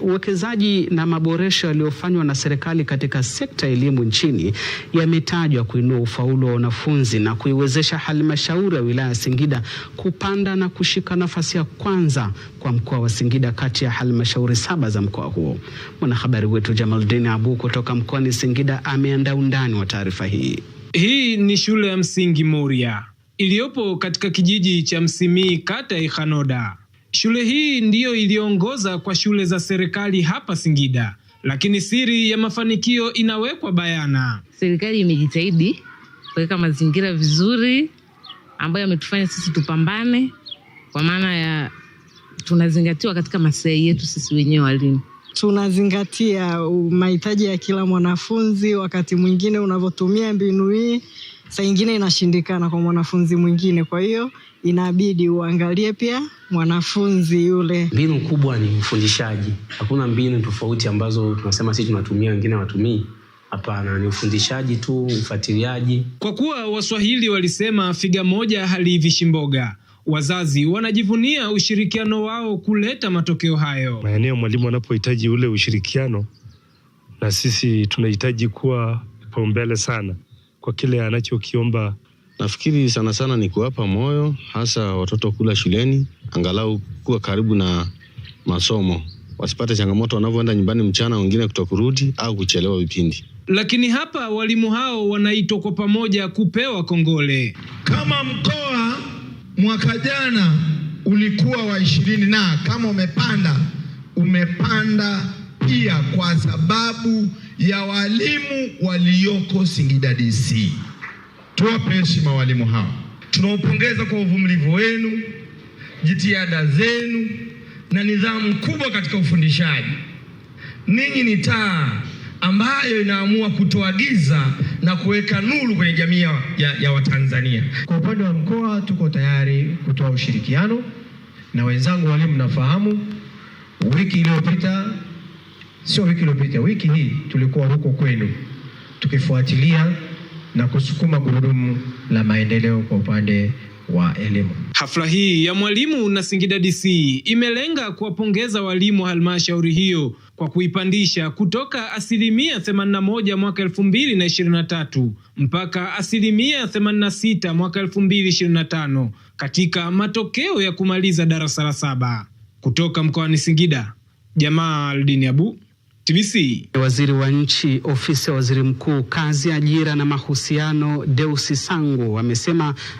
Uwekezaji na maboresho yaliyofanywa na serikali katika sekta ya elimu nchini yametajwa kuinua ufaulu wa wanafunzi na kuiwezesha halmashauri ya wilaya ya Singida kupanda na kushika nafasi ya kwanza kwa mkoa wa Singida kati ya halmashauri saba za mkoa huo. Mwanahabari wetu Jamaldini Abu kutoka mkoani Singida ameandaa undani wa taarifa hii. Hii ni shule ya msingi Moria iliyopo katika kijiji cha Msimii, kata ya Ihanoda. Shule hii ndiyo iliongoza kwa shule za serikali hapa Singida, lakini siri ya mafanikio inawekwa bayana. Serikali imejitahidi kuweka mazingira vizuri ambayo yametufanya sisi tupambane, kwa maana ya tunazingatiwa katika maslahi yetu sisi wenyewe walimu tunazingatia mahitaji ya kila mwanafunzi. Wakati mwingine unavyotumia mbinu hii, saa ingine inashindikana kwa mwanafunzi mwingine, kwa hiyo inabidi uangalie pia mwanafunzi yule. Mbinu kubwa ni ufundishaji. Hakuna mbinu tofauti ambazo tunasema sisi tunatumia, wengine watumii. Hapana, ni ufundishaji tu, ufuatiliaji. Kwa kuwa Waswahili walisema figa moja haliivishi mboga, Wazazi wanajivunia ushirikiano wao kuleta matokeo hayo. Maeneo mwalimu anapohitaji ule ushirikiano, na sisi tunahitaji kuwa kipaumbele sana kwa kile anachokiomba. Nafikiri sana sana ni kuwapa moyo, hasa watoto kula shuleni, angalau kuwa karibu na masomo, wasipate changamoto wanavyoenda nyumbani mchana, wengine kutokurudi au kuchelewa vipindi. Lakini hapa walimu hao wanaitwa kwa pamoja kupewa kongole kama mkoa Mwaka jana ulikuwa wa ishirini na kama umepanda umepanda pia kwa sababu ya walimu walioko Singida DC. Tuwape heshima walimu hawa, Tunawapongeza kwa uvumilivu wenu, jitihada zenu na nidhamu kubwa katika ufundishaji. Ninyi ni taa ambayo inaamua kutoa giza na kuweka nuru kwenye jamii ya, ya Watanzania. Kwa upande wa mkoa, tuko tayari kutoa ushirikiano na wenzangu walimu. Nafahamu wiki iliyopita, sio wiki iliyopita, wiki hii tulikuwa huko kwenu tukifuatilia na kusukuma gurudumu la maendeleo kwa upande wa elimu. Hafla hii ya mwalimu na Singida DC imelenga kuwapongeza walimu wa halmashauri hiyo kwa kuipandisha kutoka asilimia 81 mwaka 2023 mpaka asilimia 86 mwaka 2025 katika matokeo ya kumaliza darasa la saba. Kutoka mkoani Singida, Jamal Abu, TBC. Waziri wa Nchi, Ofisi ya Waziri Mkuu, Kazi, Ajira na Mahusiano, Deusi Sangu amesema